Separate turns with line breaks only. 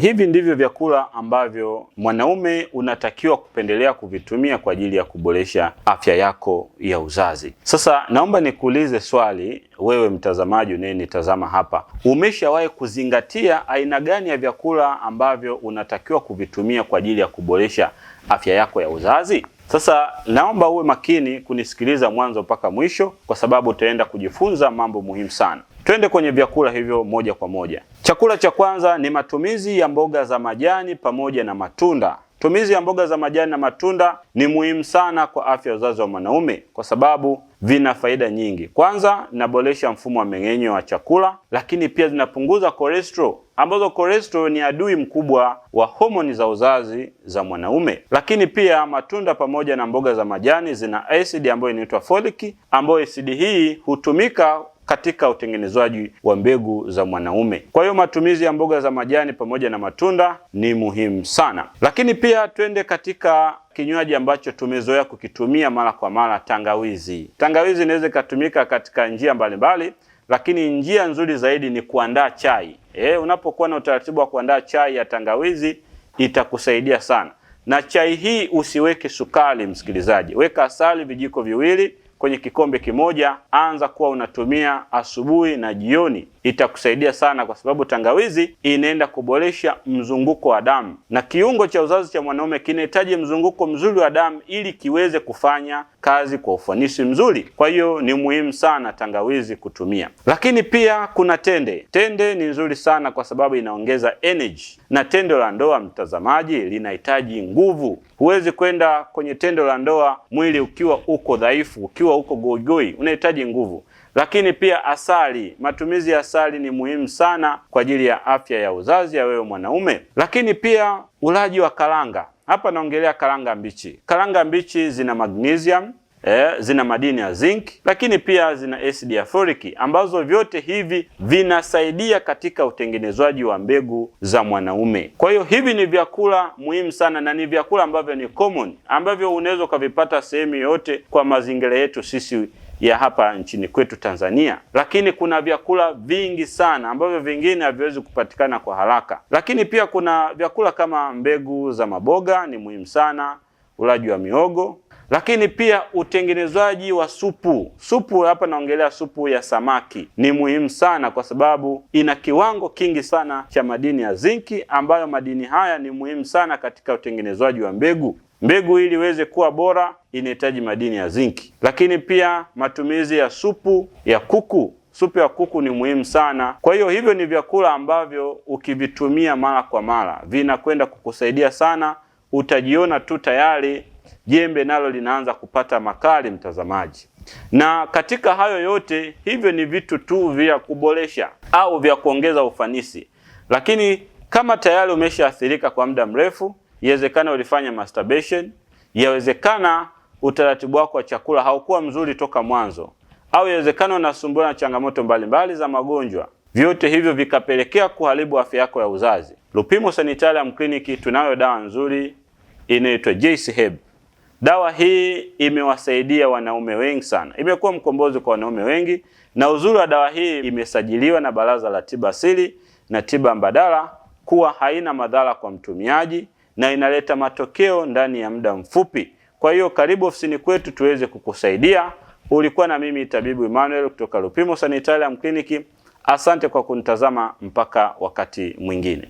Hivi ndivyo vyakula ambavyo mwanaume unatakiwa kupendelea kuvitumia kwa ajili ya kuboresha afya yako ya uzazi. Sasa naomba nikuulize swali, wewe mtazamaji unayenitazama hapa, umeshawahi kuzingatia aina gani ya vyakula ambavyo unatakiwa kuvitumia kwa ajili ya kuboresha afya yako ya uzazi? Sasa naomba uwe makini kunisikiliza mwanzo mpaka mwisho, kwa sababu tutaenda kujifunza mambo muhimu sana. Twende kwenye vyakula hivyo moja kwa moja. Chakula cha kwanza ni matumizi ya mboga za majani pamoja na matunda. Tumizi ya mboga za majani na matunda ni muhimu sana kwa afya ya uzazi wa mwanaume kwa sababu vina faida nyingi. Kwanza, inaboresha mfumo wa mmeng'enyo wa chakula, lakini pia zinapunguza cholesterol ambazo cholesterol ni adui mkubwa wa homoni za uzazi za mwanaume. Lakini pia matunda pamoja na mboga za majani zina asidi ambayo inaitwa folic, ambayo asidi hii hutumika katika utengenezwaji wa mbegu za mwanaume. Kwa hiyo matumizi ya mboga za majani pamoja na matunda ni muhimu sana, lakini pia twende katika kinywaji ambacho tumezoea kukitumia mara kwa mara, tangawizi. Tangawizi inaweza ikatumika katika njia mbalimbali mbali, lakini njia nzuri zaidi ni kuandaa chai. E, unapokuwa na utaratibu wa kuandaa chai ya tangawizi itakusaidia sana, na chai hii usiweke sukari, msikilizaji, weka asali vijiko viwili kwenye kikombe kimoja, anza kuwa unatumia asubuhi na jioni itakusaidia sana, kwa sababu tangawizi inaenda kuboresha mzunguko wa damu, na kiungo cha uzazi cha mwanaume kinahitaji mzunguko mzuri wa damu ili kiweze kufanya kazi kwa ufanisi mzuri. Kwa hiyo ni muhimu sana tangawizi kutumia, lakini pia kuna tende. Tende ni nzuri sana kwa sababu inaongeza energy, na tendo la ndoa, mtazamaji, linahitaji nguvu. Huwezi kwenda kwenye tendo la ndoa mwili ukiwa uko dhaifu, ukiwa uko goigoi, unahitaji nguvu. Lakini pia asali, matumizi ya asali ni muhimu sana kwa ajili ya afya ya uzazi ya wewe mwanaume. Lakini pia ulaji wa karanga, hapa naongelea karanga mbichi. Karanga mbichi zina magnesium Eh, zina madini ya zinc lakini pia zina acid ya folic ambazo vyote hivi vinasaidia katika utengenezwaji wa mbegu za mwanaume. Kwa hiyo hivi ni vyakula muhimu sana na ni vyakula ambavyo ni common ambavyo unaweza ukavipata sehemu yoyote kwa mazingira yetu sisi ya hapa nchini kwetu Tanzania, lakini kuna vyakula vingi sana ambavyo vingine haviwezi kupatikana kwa haraka. Lakini pia kuna vyakula kama mbegu za maboga ni muhimu sana, ulaji wa miogo, lakini pia utengenezwaji wa supu. Supu hapa naongelea supu ya samaki ni muhimu sana, kwa sababu ina kiwango kingi sana cha madini ya zinki, ambayo madini haya ni muhimu sana katika utengenezwaji wa mbegu. Mbegu ili iweze kuwa bora inahitaji madini ya zinki, lakini pia matumizi ya supu ya kuku supu ya kuku ni muhimu sana. Kwa hiyo hivyo ni vyakula ambavyo ukivitumia mara kwa mara vinakwenda kukusaidia sana. Utajiona tu tayari jembe nalo linaanza kupata makali, mtazamaji. Na katika hayo yote, hivyo ni vitu tu vya kuboresha au vya kuongeza ufanisi, lakini kama tayari umeshaathirika kwa muda mrefu Yawezekana ulifanya masturbation, yawezekana utaratibu wako wa chakula haukuwa mzuri toka mwanzo, au yawezekana unasumbua na changamoto mbalimbali za magonjwa. Vyote hivyo vikapelekea kuharibu afya yako ya uzazi. Lupimo Sanitarium Clinic tunayo dawa nzuri inaitwa JC e Dawa hii imewasaidia wanaume wengi sana, imekuwa mkombozi kwa wanaume wengi, na uzuri wa dawa hii imesajiliwa na Baraza la Tiba Asili na Tiba Mbadala kuwa haina madhara kwa mtumiaji na inaleta matokeo ndani ya muda mfupi. Kwa hiyo karibu ofisini kwetu tuweze kukusaidia. Ulikuwa na mimi tabibu Emmanuel kutoka Lupimo Sanitarium Clinic. Asante kwa kunitazama mpaka wakati mwingine.